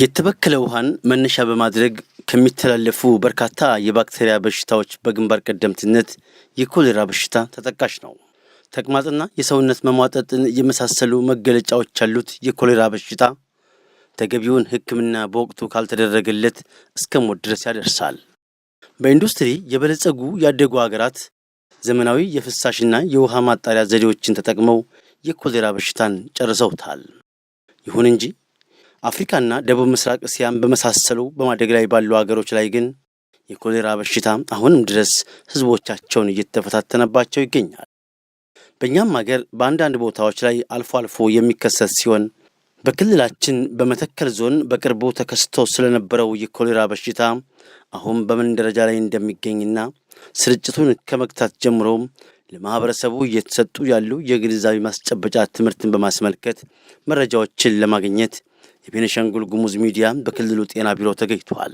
የተበከለ ውሃን መነሻ በማድረግ ከሚተላለፉ በርካታ የባክቴሪያ በሽታዎች በግንባር ቀደምትነት የኮሌራ በሽታ ተጠቃሽ ነው። ተቅማጥና የሰውነት መሟጠጥን የመሳሰሉ መገለጫዎች ያሉት የኮሌራ በሽታ ተገቢውን ሕክምና በወቅቱ ካልተደረገለት እስከ ሞት ድረስ ያደርሳል። በኢንዱስትሪ የበለጸጉ ያደጉ ሀገራት ዘመናዊ የፍሳሽና የውሃ ማጣሪያ ዘዴዎችን ተጠቅመው የኮሌራ በሽታን ጨርሰውታል። ይሁን እንጂ አፍሪካና ደቡብ ምስራቅ እስያን በመሳሰሉ በማደግ ላይ ባሉ ሀገሮች ላይ ግን የኮሌራ በሽታ አሁንም ድረስ ህዝቦቻቸውን እየተፈታተነባቸው ይገኛል። በእኛም ሀገር በአንዳንድ ቦታዎች ላይ አልፎ አልፎ የሚከሰት ሲሆን በክልላችን በመተከል ዞን በቅርቡ ተከስቶ ስለነበረው የኮሌራ በሽታ አሁን በምን ደረጃ ላይ እንደሚገኝና ስርጭቱን ከመግታት ጀምሮ ለማህበረሰቡ እየተሰጡ ያሉ የግንዛቤ ማስጨበጫ ትምህርትን በማስመልከት መረጃዎችን ለማግኘት የቤኒሻንጉል ጉሙዝ ሚዲያም በክልሉ ጤና ቢሮ ተገኝቷል።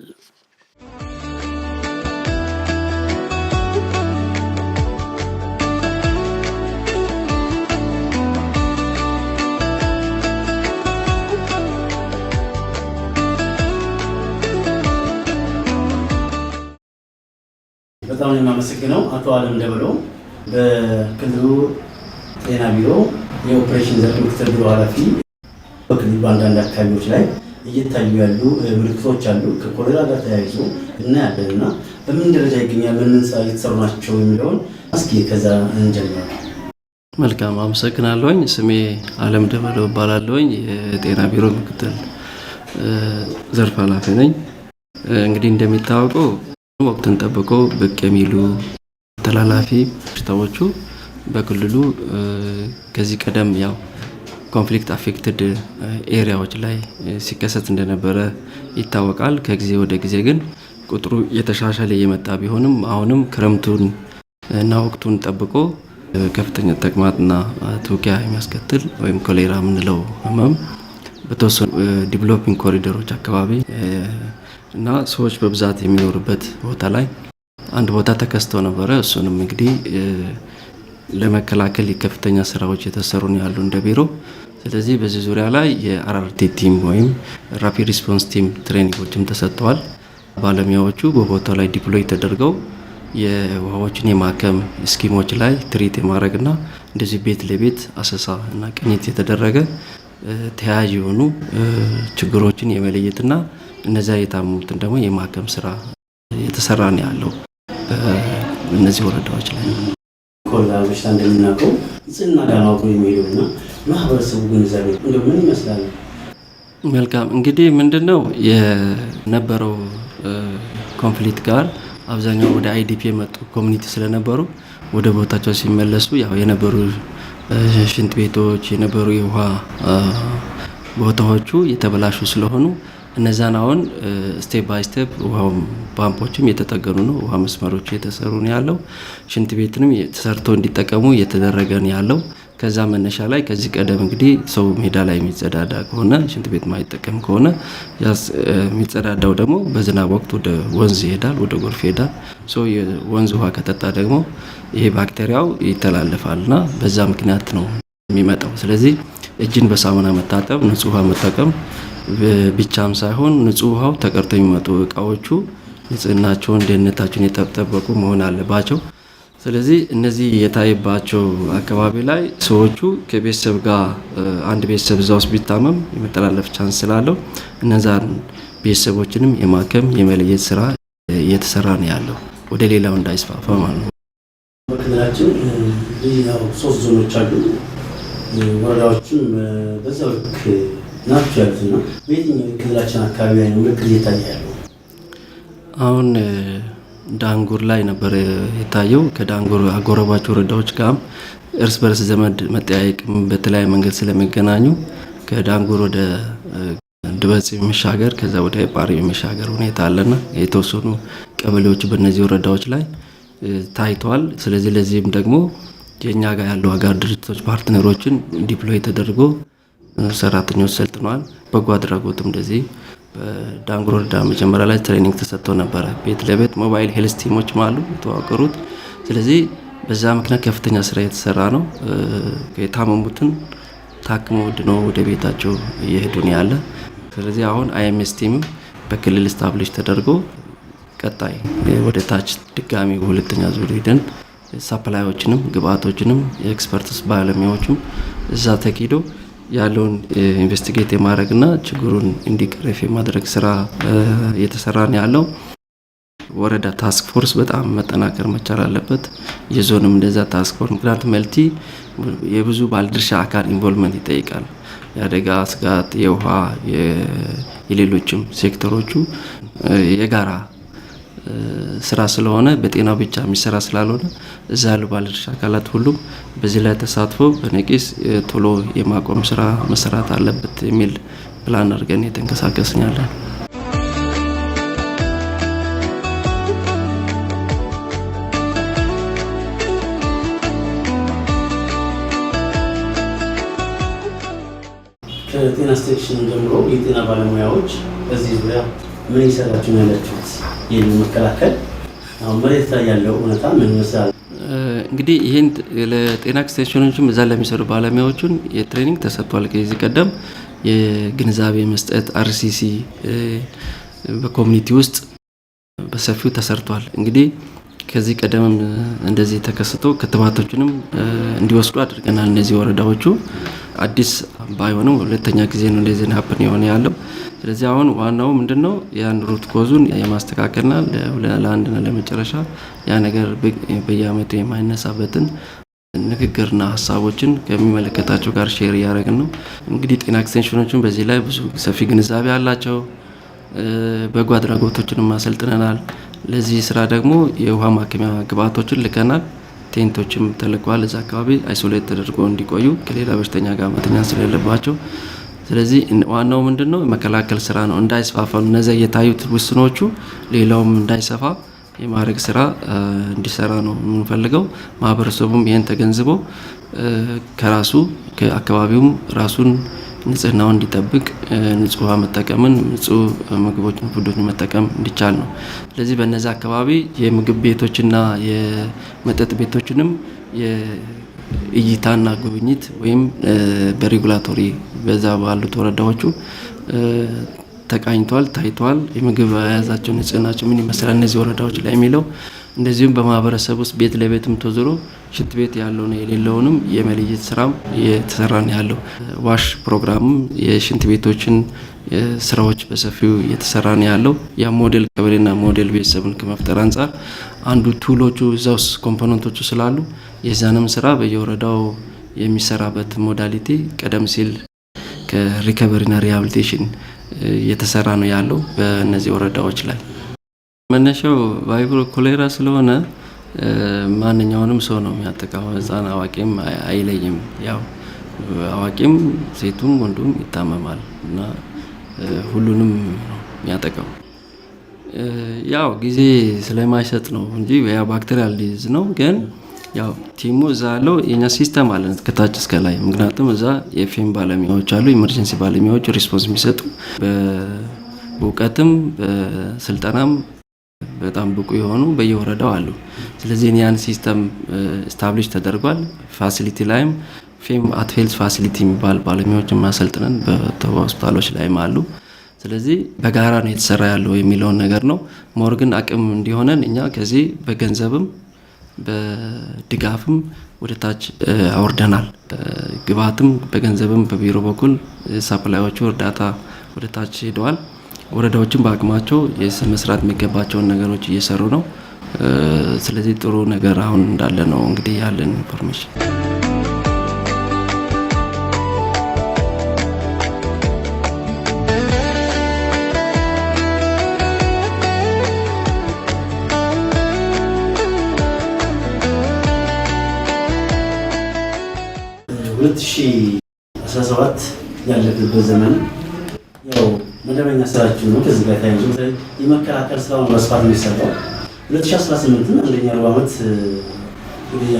በጣም የማመሰግነው አቶ አለም ደበሎ በክልሉ ጤና ቢሮ የኦፕሬሽን ዘርፍ ምክትል ቢሮ ኃላፊ በክልሉ አንዳንድ አካባቢዎች ላይ እየታዩ ያሉ ምልክቶች አሉ። ከኮሌራ ጋር ተያይዞ እናያለን እና በምን ደረጃ ይገኛል፣ ምን እየተሰሩ ናቸው የሚለውን እስኪ ከዛ እንጀምራል። መልካም አመሰግናለሁኝ። ስሜ አለም ደበለው እባላለሁኝ። የጤና ቢሮ ምክትል ዘርፍ ኃላፊ ነኝ። እንግዲህ እንደሚታወቀው ወቅትን ጠብቆ ብቅ የሚሉ ተላላፊ በሽታዎቹ በክልሉ ከዚህ ቀደም ያው ኮንፍሊክት አፌክትድ ኤሪያዎች ላይ uh, ሲከሰት እንደነበረ ይታወቃል። ከጊዜ ወደ ጊዜ ግን ቁጥሩ የተሻሻለ እየመጣ ቢሆንም አሁንም ክረምቱን እና ወቅቱን ጠብቆ uh, ከፍተኛ ተቅማጥና uh, ትውኪያ የሚያስከትል ወይም ኮሌራ የምንለው ህመም በተወሰኑ ዲቨሎፒንግ ኮሪደሮች አካባቢ እና ሰዎች በብዛት የሚኖሩበት ቦታ ላይ አንድ ቦታ ተከስቶ ነበረ። እሱንም እንግዲህ ለመከላከል ከፍተኛ ስራዎች የተሰሩ ያሉ እንደ ቢሮ ስለዚህ በዚህ ዙሪያ ላይ የአራርቴ ቲም ወይም ራፒድ ሪስፖንስ ቲም ትሬኒንጎችም ተሰጥተዋል። ባለሙያዎቹ በቦታው ላይ ዲፕሎይ ተደርገው የውሃዎችን የማከም ስኪሞች ላይ ትሪት የማድረግና እንደዚህ ቤት ለቤት አሰሳ እና ቅኝት የተደረገ ተያያዥ የሆኑ ችግሮችን የመለየትና እነዚያ የታሙትን ደግሞ የማከም ስራ የተሰራ ነው ያለው እነዚህ ወረዳዎች ላይ ኮላ በሽታ እንደምናውቀው ዝና ጋር አብሮ የሚሄደው እና ማህበረሰቡ ግንዛቤ እንደው ምን ይመስላል? መልካም እንግዲህ ምንድን ነው የነበረው ኮንፍሊክት ጋር አብዛኛው ወደ አይዲፒ የመጡ ኮሚኒቲ ስለነበሩ ወደ ቦታቸው ሲመለሱ ያው የነበሩ ሽንት ቤቶች የነበሩ የውሃ ቦታዎቹ የተበላሹ ስለሆኑ እነዛን አሁን ስቴፕ ባይ ስቴፕ ውሃውም ፓምፖችም እየተጠገኑ ነው። ውሃ መስመሮች እየተሰሩ ነው ያለው። ሽንት ቤትንም ተሰርቶ እንዲጠቀሙ እየተደረገ ነው ያለው። ከዛ መነሻ ላይ ከዚህ ቀደም እንግዲህ ሰው ሜዳ ላይ የሚጸዳዳ ከሆነ ሽንት ቤት ማይጠቀም ከሆነ የሚጸዳዳው ደግሞ በዝናብ ወቅት ወደ ወንዝ ይሄዳል፣ ወደ ጎርፍ ይሄዳል። ሰው የወንዝ ውሃ ከጠጣ ደግሞ ይሄ ባክቴሪያው ይተላለፋልና በዛ ምክንያት ነው የሚመጣው። ስለዚህ እጅን በሳሙና መታጠብ፣ ንጹህ ውሃ መጠቀም ብቻም ሳይሆን ንጹህ ውሃው ተቀርተው የሚመጡ እቃዎቹ ንጽህናቸውን ደህንነታቸውን የተጠበቁ መሆን አለባቸው። ስለዚህ እነዚህ የታየባቸው አካባቢ ላይ ሰዎቹ ከቤተሰብ ጋር አንድ ቤተሰብ እዛ ውስጥ ቢታመም የመጠላለፍ ቻንስ ስላለው እነዛን ቤተሰቦችንም የማከም የመለየት ስራ እየተሰራ ነው ያለው ወደ ሌላው እንዳይስፋፋ ማለት ነው። ሶስት ዞኖች አሉ። ወረዳዎችም በዛው ልክ ናቸው ያሉት ነው። በየትኛው ክልላችን አካባቢ ላይ ነው ምልክት እየታየ ያለው? አሁን ዳንጉር ላይ ነበር የታየው። ከዳንጉር አጎራባች ወረዳዎች ጋርም እርስ በርስ ዘመድ መጠያየቅ በተለያየ መንገድ ስለሚገናኙ ከዳንጉር ወደ ድበጽ የሚሻገር ከዛ ወደ ጳሪ የሚሻገር ሁኔታ አለና የተወሰኑ ቀበሌዎች በእነዚህ ወረዳዎች ላይ ታይተዋል። ስለዚህ ለዚህም ደግሞ ከኛ ጋር ያሉ አጋር ድርጅቶች ፓርትነሮችን ዲፕሎይ ተደርጎ ሰራተኞች ሰልጥነዋል። በጎ አድራጎትም እንደዚህ በዳንጉር ወረዳ መጀመሪያ ላይ ትሬኒንግ ተሰጥቶ ነበረ። ቤት ለቤት ሞባይል ሄልስ ቲሞች አሉ የተዋቀሩት። ስለዚህ በዛ ምክንያት ከፍተኛ ስራ የተሰራ ነው። የታመሙትን ታክመው ድነው ወደ ቤታቸው እየሄዱን ያለ። ስለዚህ አሁን አይኤምኤስ ቲም በክልል ስታብሊሽ ተደርጎ ቀጣይ ወደ ታች ድጋሚ በሁለተኛ ዙር ሂደን ሳፕላዮችንም ግብአቶችንም የኤክስፐርትስ ባለሙያዎችም እዛ ተኪዶ ያለውን ኢንቨስቲጌት የማድረግና ችግሩን እንዲቀረፍ የማድረግ ስራ እየተሰራ ነው ያለው። ወረዳ ታስክ ፎርስ በጣም መጠናከር መቻል አለበት። የዞንም እንደዛ ታስክ ፎርስ ግራንት መልቲ የብዙ ባለድርሻ አካል ኢንቮልቭመንት ይጠይቃል። የአደጋ ስጋት፣ የውሃ፣ የሌሎችም ሴክተሮቹ የጋራ ስራ ስለሆነ በጤናው ብቻ የሚሰራ ስላልሆነ እዛ ያሉ ባለድርሻ አካላት ሁሉም በዚህ ላይ ተሳትፎ በነቂስ ቶሎ የማቆም ስራ መሰራት አለበት የሚል ፕላን አድርገን የተንቀሳቀስኛለን። ከጤና ስቴሽን ጀምሮ የጤና ባለሙያዎች በዚህ ዙሪያ ምን ይሰራችሁ ያላችሁት? ይህን መከላከል መሬት ላይ ያለው እውነታ ምን ይመስላል? እንግዲህ ይህን ለጤና ኤክስቴንሽኖችም እዛ ለሚሰሩ ባለሙያዎቹን የትሬኒንግ ተሰጥቷል። ከዚህ ቀደም የግንዛቤ መስጠት አርሲሲ በኮሚኒቲ ውስጥ በሰፊው ተሰርቷል። እንግዲህ ከዚህ ቀደምም እንደዚህ ተከስቶ ክትባቶችንም እንዲወስዱ አድርገናል። እነዚህ ወረዳዎቹ አዲስ ባይሆንም ሁለተኛ ጊዜ ነው እንደዚህ ሀፕን የሆነ ያለው። ስለዚህ አሁን ዋናው ምንድን ነው ያን ሩት ኮዙን የማስተካከልና ለአንድና ለመጨረሻ ያ ነገር በየአመቱ የማይነሳበትን ንግግርና ሀሳቦችን ከሚመለከታቸው ጋር ሼር እያደረግን ነው። እንግዲህ ጤና ኤክስቴንሽኖችን በዚህ ላይ ብዙ ሰፊ ግንዛቤ አላቸው። በጎ አድራጎቶችንም አሰልጥነናል። ለዚህ ስራ ደግሞ የውሃ ማከሚያ ግብአቶችን ልከናል። ቴንቶችም ተለቀዋል። እዛ አካባቢ አይሶሌት ተደርጎ እንዲቆዩ ከሌላ በሽተኛ ጋር መተኛት ስለሌለባቸው ስለዚህ ዋናው ምንድን ነው መከላከል ስራ ነው፣ እንዳይስፋፋ እነዚያ የታዩት ውስኖቹ ሌላውም እንዳይሰፋ የማድረግ ስራ እንዲሰራ ነው የምንፈልገው። ማህበረሰቡም ይህን ተገንዝቦ ከራሱ ከአካባቢውም ራሱን ንጽህናውን እንዲጠብቅ ንጹህ ውሃ መጠቀምን ንጹህ ምግቦችን ፉዶችን መጠቀም እንዲቻል ነው። ስለዚህ በነዚህ አካባቢ የምግብ ቤቶችና የመጠጥ ቤቶችንም የእይታና ጉብኝት ወይም በሬጉላቶሪ በዛ ባሉት ወረዳዎቹ ተቃኝተዋል፣ ታይተዋል። የምግብ አያያዛቸው ንጽህናቸው ምን ይመስላል እነዚህ ወረዳዎች ላይ የሚለው እንደዚሁም በማህበረሰብ ውስጥ ቤት ለቤትም ተዞሮ ሽንት ቤት ያለውን የሌለውንም የመለየት ስራም እየተሰራ ነው ያለው። ዋሽ ፕሮግራምም የሽንት ቤቶችን ስራዎች በሰፊው እየተሰራ ነው ያለው። ያ ሞዴል ቀበሌና ሞዴል ቤተሰብን ከመፍጠር አንጻር አንዱ ቱሎቹ እዛ ውስጥ ኮምፖነንቶቹ ስላሉ የዛንም ስራ በየወረዳው የሚሰራበት ሞዳሊቲ ቀደም ሲል ከሪከቨሪና ሪሃብሊቴሽን እየተሰራ ነው ያለው በእነዚህ ወረዳዎች ላይ መነሻው ቫይብሮ ኮሌራ ስለሆነ ማንኛውንም ሰው ነው የሚያጠቃው። ህፃን አዋቂም አይለይም። ያው አዋቂም ሴቱም ወንዱም ይታመማል እና ሁሉንም ነው የሚያጠቃው። ያው ጊዜ ስለማይሰጥ ነው እንጂ ያው ባክቴሪያል ዲዝ ነው። ግን ያው ቲሙ እዛ ያለው የኛ ሲስተም አለን ከታች እስከ ላይ። ምክንያቱም እዛ የፌም ባለሙያዎች አሉ፣ ኢመርጀንሲ ባለሙያዎች ሪስፖንስ የሚሰጡ በእውቀትም በስልጠናም በጣም ብቁ የሆኑ በየወረዳው አሉ። ስለዚህ ያን ሲስተም ስታብሊሽ ተደርጓል። ፋሲሊቲ ላይም ፌም አትፌልስ ፋሲሊቲ የሚባል ባለሙያዎችን ማሰልጥነን ሆስፒታሎች ላይም አሉ። ስለዚህ በጋራ ነው የተሰራ ያለው የሚለውን ነገር ነው። ሞር ግን አቅም እንዲሆነን እኛ ከዚህ በገንዘብም በድጋፍም ወደ ታች አውርደናል። ግብአትም በገንዘብም በቢሮ በኩል ሳፕላዮቹ እርዳታ ወደ ታች ሄደዋል። ወረዳዎችን በአቅማቸው መስራት የሚገባቸውን ነገሮች እየሰሩ ነው። ስለዚህ ጥሩ ነገር አሁን እንዳለ ነው እንግዲህ ያለን ኢንፎርሜሽን። ሁለት ሺህ አስራ ሰባት ያለፍንበት ዘመን ያው መደበኛ ስራችን ነው። ከዚህ ጋር ታይዞ የመከራከር ስራ በስፋት ነው ይሰራው። 2018 አንደኛ ሩብ ዓመት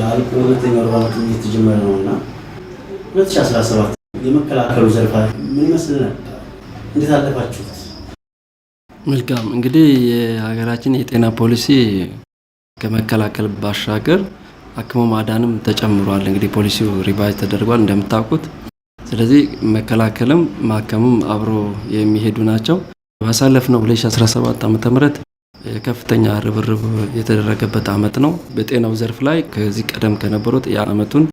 አልቆ ሁለተኛ ሩብ ዓመት እየተጀመረ ነው እና 2017 የመከላከሉ ዘርፋ ምን ይመስልናል? እንዴት አለፋችሁት? መልካም እንግዲህ የሀገራችን የጤና ፖሊሲ ከመከላከል ባሻገር አክሞ ማዳንም ተጨምሯል። እንግዲህ ፖሊሲው ሪቫይዝ ተደርጓል እንደምታውቁት ስለዚህ መከላከልም ማከምም አብሮ የሚሄዱ ናቸው። ባሳለፍነው 2017 ዓ ም ከፍተኛ ርብርብ የተደረገበት ዓመት ነው። በጤናው ዘርፍ ላይ ከዚህ ቀደም ከነበሩት የዓመቱን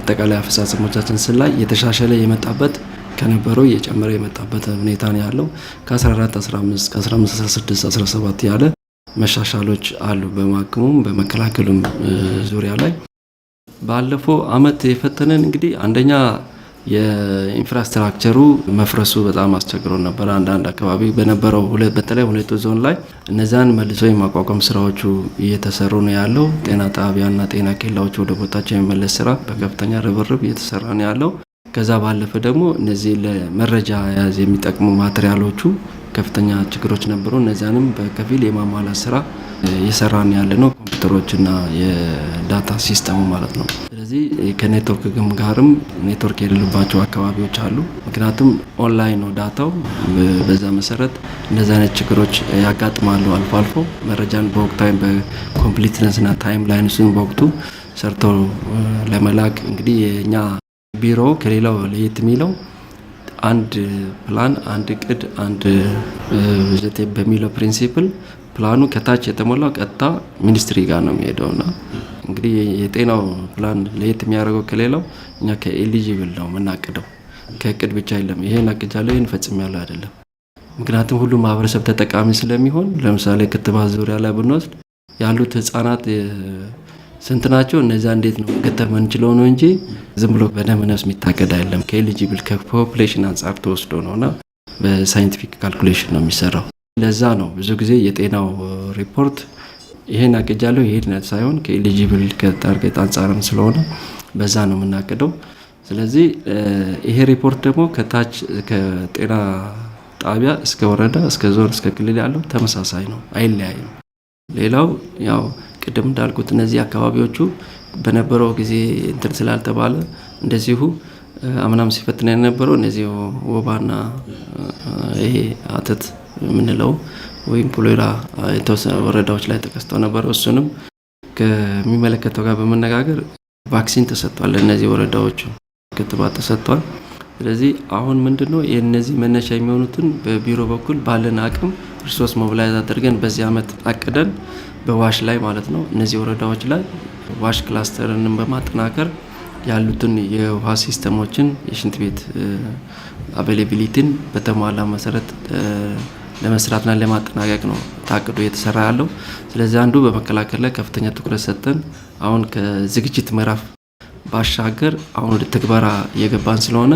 አጠቃላይ አፈጻጸሞቻችን ስላይ የተሻሸለ የመጣበት ከነበረው እየጨመረ የመጣበት ሁኔታ ነው ያለው። ከ14 15 ከ15 16 17 ያለ መሻሻሎች አሉ። በማክሙም በመከላከሉም ዙሪያ ላይ ባለፈው ዓመት የፈተነን እንግዲህ አንደኛ የኢንፍራስትራክቸሩ መፍረሱ በጣም አስቸግሮ ነበር። አንዳንድ አካባቢ በነበረው በተለይ ሁለቱ ዞን ላይ እነዛን መልሶ የማቋቋም ስራዎቹ እየተሰሩ ነው ያለው። ጤና ጣቢያና ጤና ኬላዎች ወደ ቦታቸው የመለስ ስራ በከፍተኛ ርብርብ እየተሰራ ነው ያለው። ከዛ ባለፈ ደግሞ እነዚህ ለመረጃ ያዝ የሚጠቅሙ ማቴሪያሎቹ ከፍተኛ ችግሮች ነበሩ። እነዚያንም በከፊል የማሟላት ስራ እየሰራ ያለ ነው። ኮምፒውተሮችና የዳታ ሲስተሙ ማለት ነው። ስለዚህ ከኔትወርክ ጋርም ኔትወርክ የሌሉባቸው አካባቢዎች አሉ። ምክንያቱም ኦንላይን ነው ዳታው። በዛ መሰረት እንደዚህ አይነት ችግሮች ያጋጥማሉ። አልፎ አልፎ መረጃን በወቅታዊ በኮምፕሊትነስና ታይም ላይንሱን በወቅቱ ሰርቶ ለመላክ እንግዲህ የእኛ ቢሮ ከሌላው ለየት የሚለው አንድ ፕላን፣ አንድ እቅድ፣ አንድ ዘቴ በሚለው ፕሪንሲፕል ፕላኑ ከታች የተሞላው ቀጥታ ሚኒስትሪ ጋር ነው የሚሄደውና እንግዲህ የጤናው ፕላን ለየት የሚያደርገው ከሌላው እኛ ከኤሊጂብል ነው የምናቅደው። ከእቅድ ብቻ የለም ይሄን አቅጃለሁ ይህን ፈጽሜያለሁ አይደለም። ምክንያቱም ሁሉ ማህበረሰብ ተጠቃሚ ስለሚሆን፣ ለምሳሌ ክትባት ዙሪያ ላይ ብንወስድ ያሉት ህጻናት ስንት ናቸው? እነዚያ እንዴት ነው መከተብ ምንችለው ነው እንጂ ዝም ብሎ በደም ነፍስ የሚታቀድ አይደለም። ከኤሊጂብል ከፖፕሌሽን አንጻር ተወስዶ ነው እና በሳይንቲፊክ ካልኩሌሽን ነው የሚሰራው። ለዛ ነው ብዙ ጊዜ የጤናው ሪፖርት ይሄን አቅጃለሁ ይሄን ሳይሆን ከኤሊጂብል ከታርጌት አንጻርም ስለሆነ በዛ ነው የምናቅደው። ስለዚህ ይሄ ሪፖርት ደግሞ ከታች ከጤና ጣቢያ እስከ ወረዳ እስከ ዞን እስከ ክልል ያለው ተመሳሳይ ነው፣ አይለያይም። ሌላው ያው ቅድም እንዳልኩት እነዚህ አካባቢዎቹ በነበረው ጊዜ እንትን ስላልተባለ እንደዚሁ አምናም ሲፈትን የነበረው እነዚህ ወባና ይሄ አተት የምንለው ወይም ሌላ የተወሰነ ወረዳዎች ላይ ተከስተው ነበረ። እሱንም ከሚመለከተው ጋር በመነጋገር ቫክሲን ተሰጥቷል፣ እነዚህ ወረዳዎቹ ክትባት ተሰጥቷል። ስለዚህ አሁን ምንድን ነው የእነዚህ መነሻ የሚሆኑትን በቢሮ በኩል ባለን አቅም ሪሶርስ ሞቢላይዝ አድርገን በዚህ ዓመት አቅደን በዋሽ ላይ ማለት ነው እነዚህ ወረዳዎች ላይ ዋሽ ክላስተርንም በማጠናከር ያሉትን የውሃ ሲስተሞችን የሽንት ቤት አቬሌቢሊቲን በተሟላ መሰረት ለመስራትና ለማጠናቀቅ ነው ታቅዶ እየተሰራ ያለው። ስለዚህ አንዱ በመከላከል ላይ ከፍተኛ ትኩረት ሰጥተን አሁን ከዝግጅት ምዕራፍ ባሻገር አሁን ወደ ትግበራ እየገባን ስለሆነ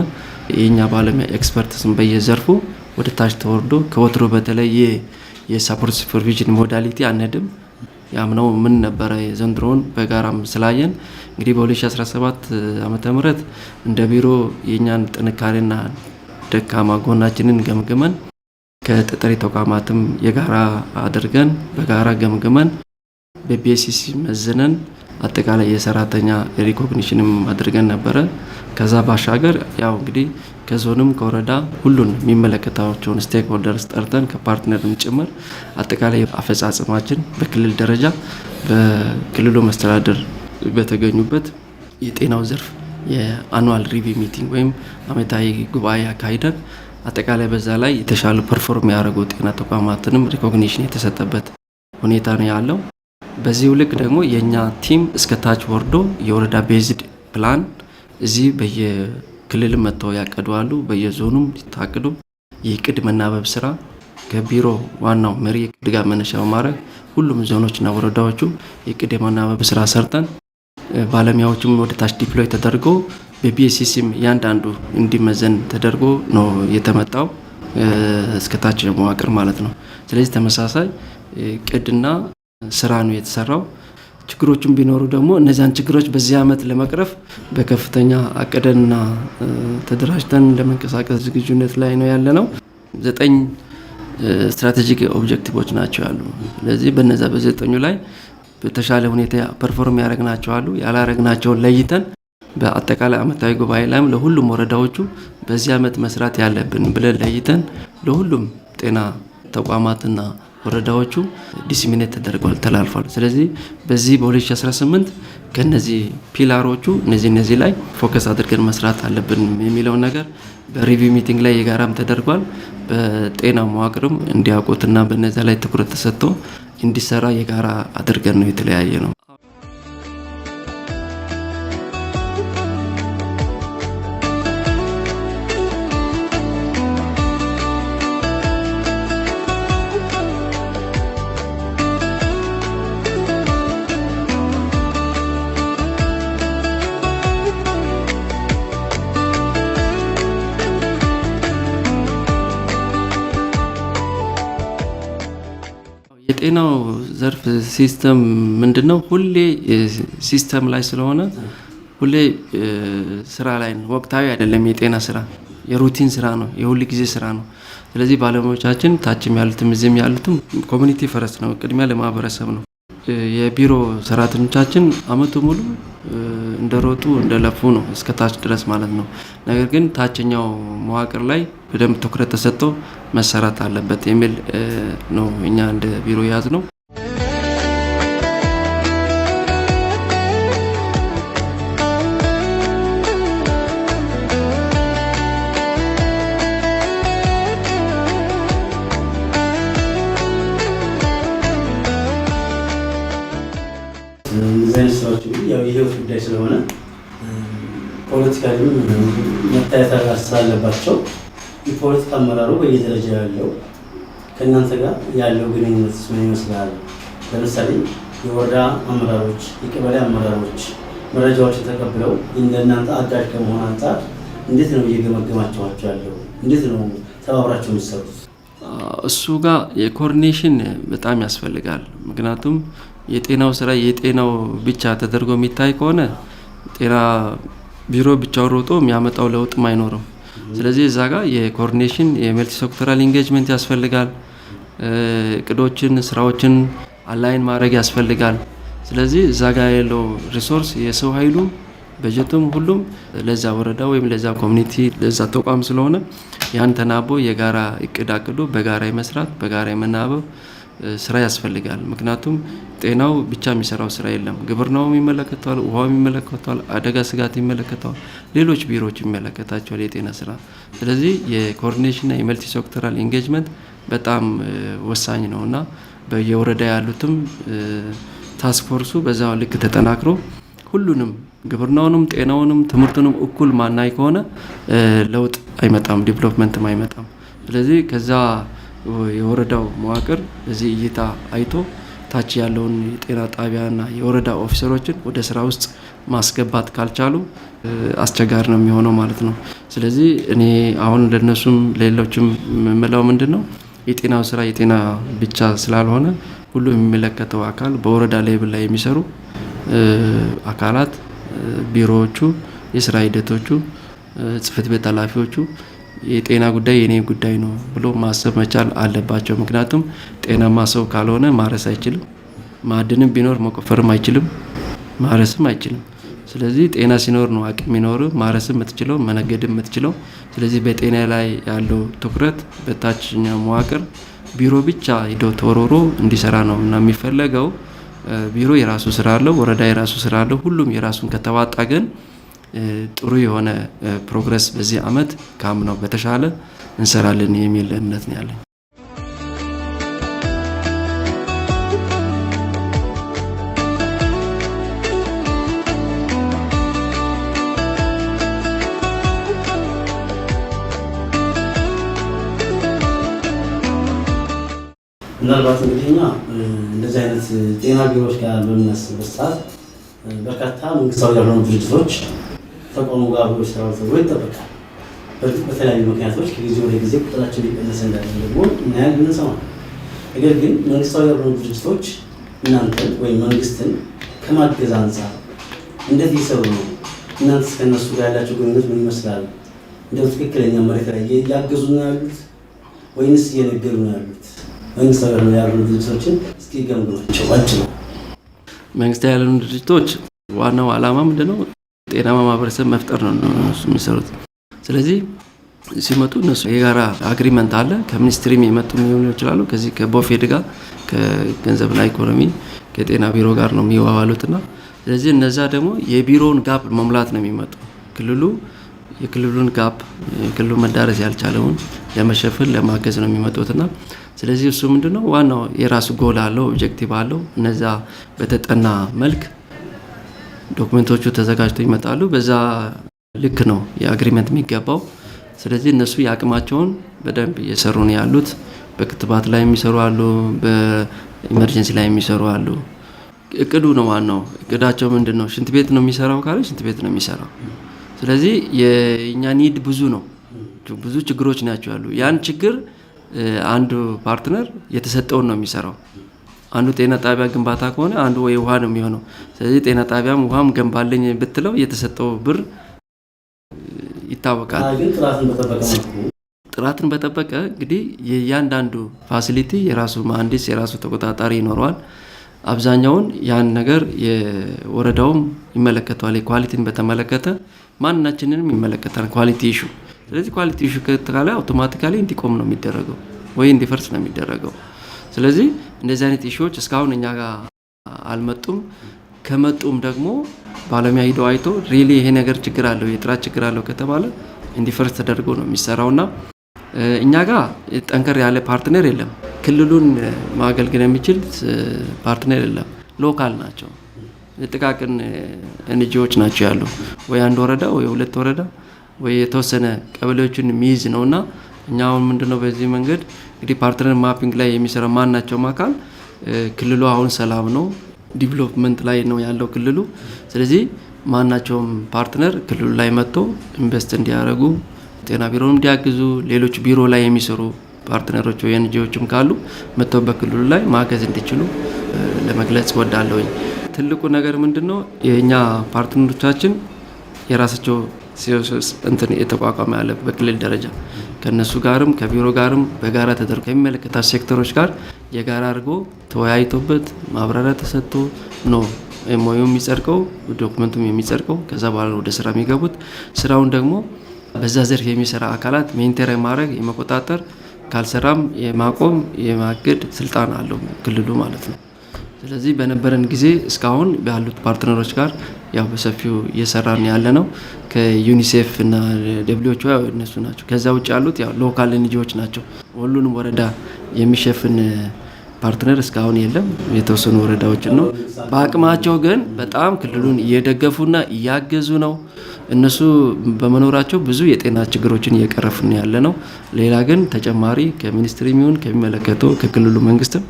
የኛ ባለሙያ ኤክስፐርትስን በየዘርፉ ወደ ታች ተወርዶ ከወትሮ በተለየ የሳፖርት ሱፐርቪዥን ሞዳሊቲ አንድም ያምነው ምን ነበረ ዘንድሮውን በጋራም ስላየን እንግዲህ በ2017 ዓ ም እንደ ቢሮ የእኛን ጥንካሬና ደካማ ጎናችንን ገምግመን ከተጠሪ ተቋማትም የጋራ አድርገን በጋራ ገምግመን በፒኤስሲ መዝነን አጠቃላይ የሰራተኛ ሪኮግኒሽንም አድርገን ነበረ። ከዛ ባሻገር ያው እንግዲህ ከዞንም ከወረዳ ሁሉን የሚመለከታቸውን ስቴክ ሆልደርስ ጠርተን ከፓርትነርም ጭምር አጠቃላይ አፈጻጸማችን በክልል ደረጃ በክልሉ መስተዳደር በተገኙበት የጤናው ዘርፍ የአኑዋል ሪቪ ሚቲንግ ወይም አመታዊ ጉባኤ አካሂደን አጠቃላይ በዛ ላይ የተሻሉ ፐርፎርም ያደረጉ ጤና ተቋማትንም ሪኮግኒሽን የተሰጠበት ሁኔታ ነው ያለው። በዚህ ልክ ደግሞ የእኛ ቲም እስከ ታች ወርዶ የወረዳ ቤዝድ ፕላን እዚህ በየክልል መጥተው ያቀዷሉ። በየዞኑም ታቅዶ የቅድ መናበብ ስራ ከቢሮ ዋናው መሪ ድጋፍ መነሻ በማድረግ ሁሉም ዞኖችና ወረዳዎቹ የቅድ የመናበብ ስራ ሰርተን ባለሙያዎቹም ወደ ታች ዲፕሎይ ተደርገው በፒኤስሲም እያንዳንዱ እንዲመዘን ተደርጎ ነው የተመጣው እስከታች መዋቅር ማለት ነው። ስለዚህ ተመሳሳይ ቅድና ስራ ነው የተሰራው። ችግሮቹም ቢኖሩ ደግሞ እነዚያን ችግሮች በዚህ ዓመት ለመቅረፍ በከፍተኛ አቅደንና ተደራጅተን ለመንቀሳቀስ ዝግጁነት ላይ ነው ያለነው። ዘጠኝ ስትራቴጂክ ኦብጀክቲቮች ናቸው ያሉ። ስለዚህ በነዚ በዘጠኙ ላይ በተሻለ ሁኔታ ፐርፎርም ያደረግናቸው አሉ። ያላረግናቸውን ለይተን በአጠቃላይ አመታዊ ጉባኤ ላይም ለሁሉም ወረዳዎቹ በዚህ አመት መስራት ያለብን ብለን ለይተን ለሁሉም ጤና ተቋማትና ወረዳዎቹ ዲስሚኔት ተደርጓል ተላልፏል። ስለዚህ በዚህ በ2018 ከነዚህ ፒላሮቹ እነዚህ እነዚህ ላይ ፎከስ አድርገን መስራት አለብን የሚለውን ነገር በሪቪው ሚቲንግ ላይ የጋራም ተደርጓል። በጤና መዋቅርም እንዲያውቁትና በነዚ ላይ ትኩረት ተሰጥቶ እንዲሰራ የጋራ አድርገን ነው የተለያየ ነው። የጤናው ዘርፍ ሲስተም ምንድን ነው? ሁሌ ሲስተም ላይ ስለሆነ ሁሌ ስራ ላይ ነው። ወቅታዊ አይደለም። የጤና ስራ የሩቲን ስራ ነው፣ የሁል ጊዜ ስራ ነው። ስለዚህ ባለሙያዎቻችን ታችም ያሉትም እዚህም ያሉትም ኮሚኒቲ ፈረስ ነው፣ ቅድሚያ ለማህበረሰብ ነው። የቢሮ ሰራተኞቻችን አመቱ ሙሉ እንደሮጡ እንደለፉ ነው እስከ ታች ድረስ ማለት ነው። ነገር ግን ታችኛው መዋቅር ላይ በደንብ ትኩረት ተሰጥቶ መሰራት አለበት የሚል ነው እኛ እንደ ቢሮ የያዝ ነው። ላይም መታየት ስላለባቸው የፖለቲካ አመራሩ በየደረጃ ያለው ከእናንተ ጋር ያለው ግንኙነት ምን ይመስላል? ለምሳሌ የወረዳ አመራሮች፣ የቀበሌ አመራሮች መረጃዎች ተቀብለው እንደእናንተ አጋዥ ከመሆን አንጻር እንዴት ነው እየገመገማቸኋቸው ያለው? እንዴት ነው ተባብራቸው የሚሰሩት? እሱ ጋር የኮኦርዲኔሽን በጣም ያስፈልጋል። ምክንያቱም የጤናው ስራ የጤናው ብቻ ተደርጎ የሚታይ ከሆነ ጤና ቢሮ ብቻው ሮጦ የሚያመጣው ለውጥም አይኖርም። ስለዚህ እዛ ጋር የኮኦርዲኔሽን የመልቲ ኢንጌጅመንት ያስፈልጋል። እቅዶችን፣ ስራዎችን አላይን ማድረግ ያስፈልጋል። ስለዚህ እዛ ጋር ያለው ሪሶርስ የሰው ኃይሉ በጀቱም ሁሉም ለዛ ወረዳ ወይም ለዛ ኮሚኒቲ ለዛ ተቋም ስለሆነ ያን ተናቦ የጋራ እቅድ አቅዶ በጋራ የመስራት በጋራ የመናበብ ስራ ያስፈልጋል። ምክንያቱም ጤናው ብቻ የሚሰራው ስራ የለም። ግብርናውም ይመለከተዋል፣ ውሃውም ይመለከተዋል፣ አደጋ ስጋት ይመለከተዋል፣ ሌሎች ቢሮዎች ይመለከታቸዋል የጤና ስራ። ስለዚህ የኮኦርዲኔሽንና የመልቲ ሴክተራል ኢንጌጅመንት በጣም ወሳኝ ነው እና በየወረዳ ያሉትም ታስክፎርሱ በዛ ልክ ተጠናክሮ ሁሉንም ግብርናውንም ጤናውንም ትምህርቱንም እኩል ማናይ ከሆነ ለውጥ አይመጣም፣ ዲቨሎፕመንትም አይመጣም። ስለዚህ ከዛ የወረዳው መዋቅር እዚህ እይታ አይቶ ታች ያለውን የጤና ጣቢያና የወረዳ ኦፊሰሮችን ወደ ስራ ውስጥ ማስገባት ካልቻሉ አስቸጋሪ ነው የሚሆነው ማለት ነው። ስለዚህ እኔ አሁን ለነሱም ለሌሎችም የምለው ምንድን ነው የጤናው ስራ የጤና ብቻ ስላልሆነ ሁሉ የሚመለከተው አካል በወረዳ ሌቭል ላይ የሚሰሩ አካላት፣ ቢሮዎቹ፣ የስራ ሂደቶቹ፣ ጽህፈት ቤት ኃላፊዎቹ የጤና ጉዳይ የኔ ጉዳይ ነው ብሎ ማሰብ መቻል አለባቸው። ምክንያቱም ጤናማ ሰው ካልሆነ ማረስ አይችልም፣ ማዕድንም ቢኖር መቆፈርም አይችልም፣ ማረስም አይችልም። ስለዚህ ጤና ሲኖር ነው አቅም ይኖር ማረስም የምትችለው መነገድም የምትችለው። ስለዚህ በጤና ላይ ያለው ትኩረት በታችኛው መዋቅር ቢሮ ብቻ ሂዶ ተወርሮ እንዲሰራ ነው እና የሚፈለገው። ቢሮ የራሱ ስራ አለው፣ ወረዳ የራሱ ስራ አለው። ሁሉም የራሱን ከተዋጣ ግን ጥሩ የሆነ ፕሮግረስ በዚህ ዓመት ከአምናው በተሻለ እንሰራለን የሚል እምነት ነው ያለኝ። ምናልባት እንግዲህ እኛ እንደዚህ አይነት ጤና ቢሮዎች ጋር በምናስብበት ሰዓት በርካታ መንግስታዊ ያልሆኑ ድርጅቶች ተቋሙ ጋር ሁሉ ስራ ተብሎ ይጠበቃል። በእርግጥ በተለያዩ ምክንያቶች ከጊዜ ወደ ጊዜ ቁጥራቸው ሊቀነስ እንዳለ ደግሞ እናያለን፣ እንሰማለን። ነገር ግን መንግስታዊ ያልሆኑ ድርጅቶች እናንተን ወይም መንግስትን ከማገዝ አንጻር እንዴት ይሰሩ ነው? እናንተ ከእነሱ ጋር ያላቸው ግንኙነት ምን ይመስላል? እንደው ትክክለኛ መሬት ላይ እያገዙ ነው ያሉት ወይንስ እየነገሩ ነው ያሉት? መንግስታዊ ያልሆኑ ድርጅቶችን እስኪ ገምግማቸው። መንግስታዊ ያልሆኑ ድርጅቶች ዋናው ዓላማ ምንድነው? ጤናማ ማህበረሰብ መፍጠር ነው እነሱ የሚሰሩት። ስለዚህ ሲመጡ እነሱ የጋራ አግሪመንት አለ። ከሚኒስትሪም የመጡ ሊሆኑ ይችላሉ። ከዚህ ከቦፌድ ጋር ከገንዘብና ኢኮኖሚ ከጤና ቢሮ ጋር ነው የሚዋዋሉትና ስለዚህ እነዛ ደግሞ የቢሮውን ጋፕ መሙላት ነው የሚመጡ ክልሉ የክልሉን ጋፕ የክልሉ መዳረስ ያልቻለውን ለመሸፈን ለማገዝ ነው የሚመጡትና ስለዚህ እሱ ምንድነው ዋናው የራሱ ጎል አለው ኦብጀክቲቭ አለው። እነዛ በተጠና መልክ ዶክመንቶቹ ተዘጋጅተው ይመጣሉ። በዛ ልክ ነው የአግሪመንት የሚገባው። ስለዚህ እነሱ የአቅማቸውን በደንብ እየሰሩ ነው ያሉት። በክትባት ላይ የሚሰሩ አሉ፣ በኢመርጀንሲ ላይ የሚሰሩ አሉ። እቅዱ ነው ዋናው። እቅዳቸው ምንድን ነው? ሽንት ቤት ነው የሚሰራው ካለ ሽንት ቤት ነው የሚሰራው። ስለዚህ የእኛ ኒድ ብዙ ነው። ብዙ ችግሮች ናቸው ያሉ። ያን ችግር አንዱ ፓርትነር የተሰጠውን ነው የሚሰራው። አንዱ ጤና ጣቢያ ግንባታ ከሆነ አንዱ ወይ ውሃ ነው የሚሆነው። ስለዚህ ጤና ጣቢያም ውሃም ገንባልኝ ብትለው የተሰጠው ብር ይታወቃል። ጥራትን በጠበቀ እንግዲህ የእያንዳንዱ ፋሲሊቲ የራሱ መሀንዲስ የራሱ ተቆጣጣሪ ይኖረዋል። አብዛኛውን ያን ነገር የወረዳውም ይመለከተዋል። የኳሊቲን በተመለከተ ማናችንንም ይመለከታል ኳሊቲ ኢሹ። ስለዚህ ኳሊቲ ኢሹ ከተካለ አውቶማቲካሊ እንዲቆም ነው የሚደረገው ወይ እንዲፈርስ ነው የሚደረገው። ስለዚህ እንደዚህ አይነት ኢሹዎች እስካሁን እኛ ጋር አልመጡም። ከመጡም ደግሞ ባለሙያ ሂደው አይቶ ሪሊ ይሄ ነገር ችግር አለው የጥራት ችግር አለው ከተባለ እንዲፈርስ ተደርጎ ነው የሚሰራውና እኛ ጋር ጠንከር ያለ ፓርትነር የለም። ክልሉን ማገልገል የሚችል ፓርትነር የለም። ሎካል ናቸው፣ ጥቃቅን እንጂዎች ናቸው ያሉ ወይ አንድ ወረዳ ወይ ሁለት ወረዳ ወይ የተወሰነ ቀበሌዎችን የሚይዝ ነው እና እኛ አሁን ምንድነው በዚህ መንገድ እንግዲህ ፓርትነር ማፒንግ ላይ የሚሰራ ማናቸውም አካል ክልሉ አሁን ሰላም ነው፣ ዲቨሎፕመንት ላይ ነው ያለው ክልሉ። ስለዚህ ማናቸውም ፓርትነር ክልሉ ላይ መጥቶ ኢንቨስት እንዲያደርጉ ጤና ቢሮን እንዲያግዙ ሌሎች ቢሮ ላይ የሚሰሩ ፓርትነሮች ወይ ኤንጂዎችም ካሉ መጥተው በክልሉ ላይ ማገዝ እንዲችሉ ለመግለጽ ወዳለሁኝ። ትልቁ ነገር ምንድን ነው የእኛ ፓርትነሮቻችን የራሳቸው ሲዮስ እንትን የተቋቋመ ያለ በክልል ደረጃ ከእነሱ ጋርም ከቢሮ ጋርም በጋራ ተደርጎ ከሚመለከታ ሴክተሮች ጋር የጋራ አድርጎ ተወያይቶበት ማብራሪያ ተሰጥቶ ነው ኤምኦዩ የሚጸድቀው ዶክመንቱም የሚጸድቀው። ከዛ በኋላ ወደ ስራ የሚገቡት ስራውን ደግሞ በዛ ዘርፍ የሚሰራ አካላት ሜንቴር የማድረግ የመቆጣጠር ካልሰራም የማቆም የማገድ ስልጣን አለው ክልሉ ማለት ነው። ስለዚህ በነበረን ጊዜ እስካሁን ያሉት ፓርትነሮች ጋር ያው በሰፊው እየሰራን ያለ ነው። ከዩኒሴፍ እና ደብሊዎች እነሱ ናቸው። ከዛ ውጭ ያሉት ያው ሎካል ኤንጂኦዎች ናቸው። ሁሉንም ወረዳ የሚሸፍን ፓርትነር እስካሁን የለም። የተወሰኑ ወረዳዎችን ነው። በአቅማቸው ግን በጣም ክልሉን እየደገፉና እያገዙ ነው። እነሱ በመኖራቸው ብዙ የጤና ችግሮችን እየቀረፍን ያለ ነው። ሌላ ግን ተጨማሪ ከሚኒስትሪ የሚሆን ከሚመለከተው ከክልሉ መንግስትም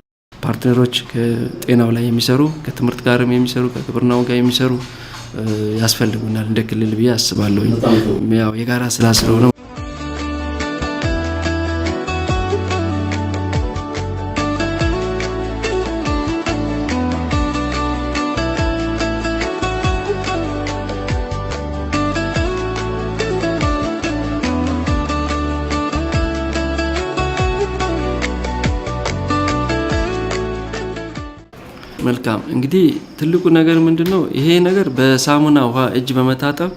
ፓርትነሮች ከጤናው ላይ የሚሰሩ ከትምህርት ጋርም የሚሰሩ ከግብርናው ጋር የሚሰሩ ያስፈልጉናል እንደ ክልል ብዬ አስባለሁ። ያው የጋራ ስላ ስለሆነ እንግዲህ ትልቁ ነገር ምንድን ነው? ይሄ ነገር በሳሙና ውሃ እጅ በመታጠብ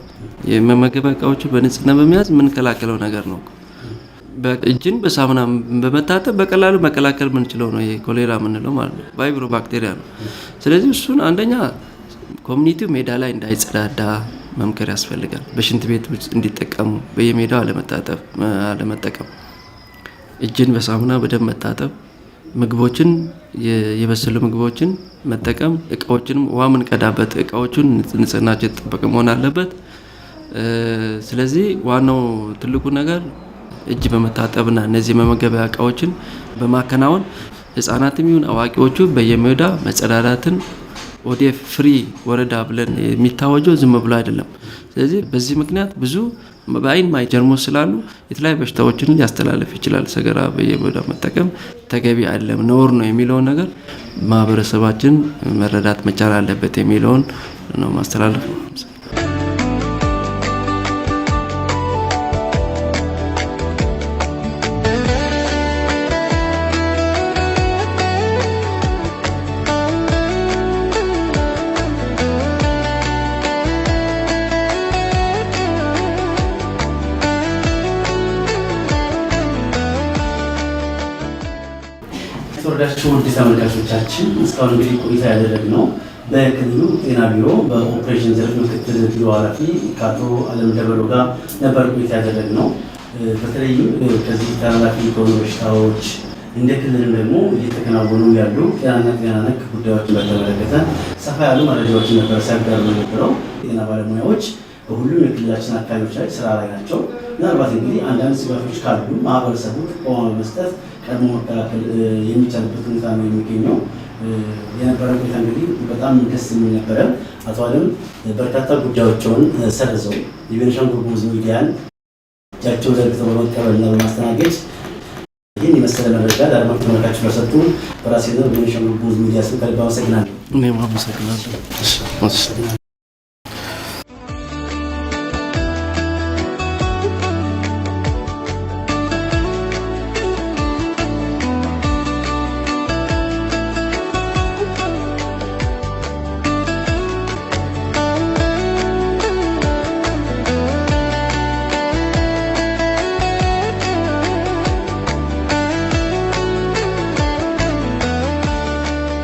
የመመገቢያ እቃዎችን በንጽህና በመያዝ የምንከላከለው ነገር ነው። እጅን በሳሙና በመታጠብ በቀላሉ መከላከል የምንችለው ነው። ይሄ ኮሌራ የምንለው ማለት ነው፣ ቫይብሮ ባክቴሪያ ነው። ስለዚህ እሱን አንደኛ ኮሚኒቲው ሜዳ ላይ እንዳይጸዳዳ መምከር ያስፈልጋል። በሽንት ቤት ውስጥ እንዲጠቀሙ በየሜዳው አለመጠቀም፣ እጅን በሳሙና በደንብ መታጠብ ምግቦችን የበሰሉ ምግቦችን መጠቀም እቃዎችንም ውሃ ምንቀዳበት እቃዎቹን ንጽህናቸው የተጠበቀ መሆን አለበት። ስለዚህ ዋናው ትልቁ ነገር እጅ በመታጠብና እነዚህ መመገቢያ እቃዎችን በማከናወን ህጻናትም ይሁን አዋቂዎቹ በየሜዳ መጸዳዳትን ወደ ፍሪ ወረዳ ብለን የሚታወጀው ዝም ብሎ አይደለም። ስለዚህ በዚህ ምክንያት ብዙ በአይን ማይ ስላሉ የተለያዩ በሽታዎችን ሊያስተላለፍ ይችላል። ሰገራ በየቦዳ መጠቀም ተገቢ አለም ነውር ነው የሚለውን ነገር ማህበረሰባችን መረዳት መቻል አለበት የሚለውን ነው ማስተላለፍ ነው። ተመልካቾቻችን እስካሁን እንግዲህ ቆይታ ያደረግነው በክልሉ ጤና ቢሮ በኦፕሬሽን ዘርፍ ምክትል ቢሮ ኃላፊ ከአቶ አለም ደበሎ ጋር ነበር ቆይታ ያደረግነው። በተለይም ከዚህ ተላላፊ ከሆኑ በሽታዎች እንደ ክልልም ደግሞ እየተከናወኑ ያሉ ጤናና ጤና ነክ ጉዳዮችን በተመለከተ ሰፋ ያሉ መረጃዎችን ነበር ሲያጋሩ የነበረው። ጤና ባለሙያዎች በሁሉም የክልላችን አካባቢዎች ላይ ስራ ላይ ናቸው። ምናልባት እንግዲህ አንዳንድ ስጋቶች ካሉ ማህበረሰቡ ጥቆማ በመስጠት ቀድሞ መከላከል የሚቻልበት ሁኔታ ነው የሚገኘው። የነበረ ሁኔታ እንግዲህ በጣም ደስ የሚል ነበረ። አቶ አለም በርካታ ጉዳዮቸውን ሰርዘው የቤኒሻንጉል ጉሙዝ ሚዲያን እጃቸው ዘርግተው በመቀበልና በማስተናገድ ይህን የመሰለ መረጃ ለአድማጭ ተመልካቾች በሰጡ በራሴ ዘር በቤኒሻንጉል ጉሙዝ ሚዲያ ስም ከልብ አመሰግናለሁ። እኔም አመሰግናለሁ።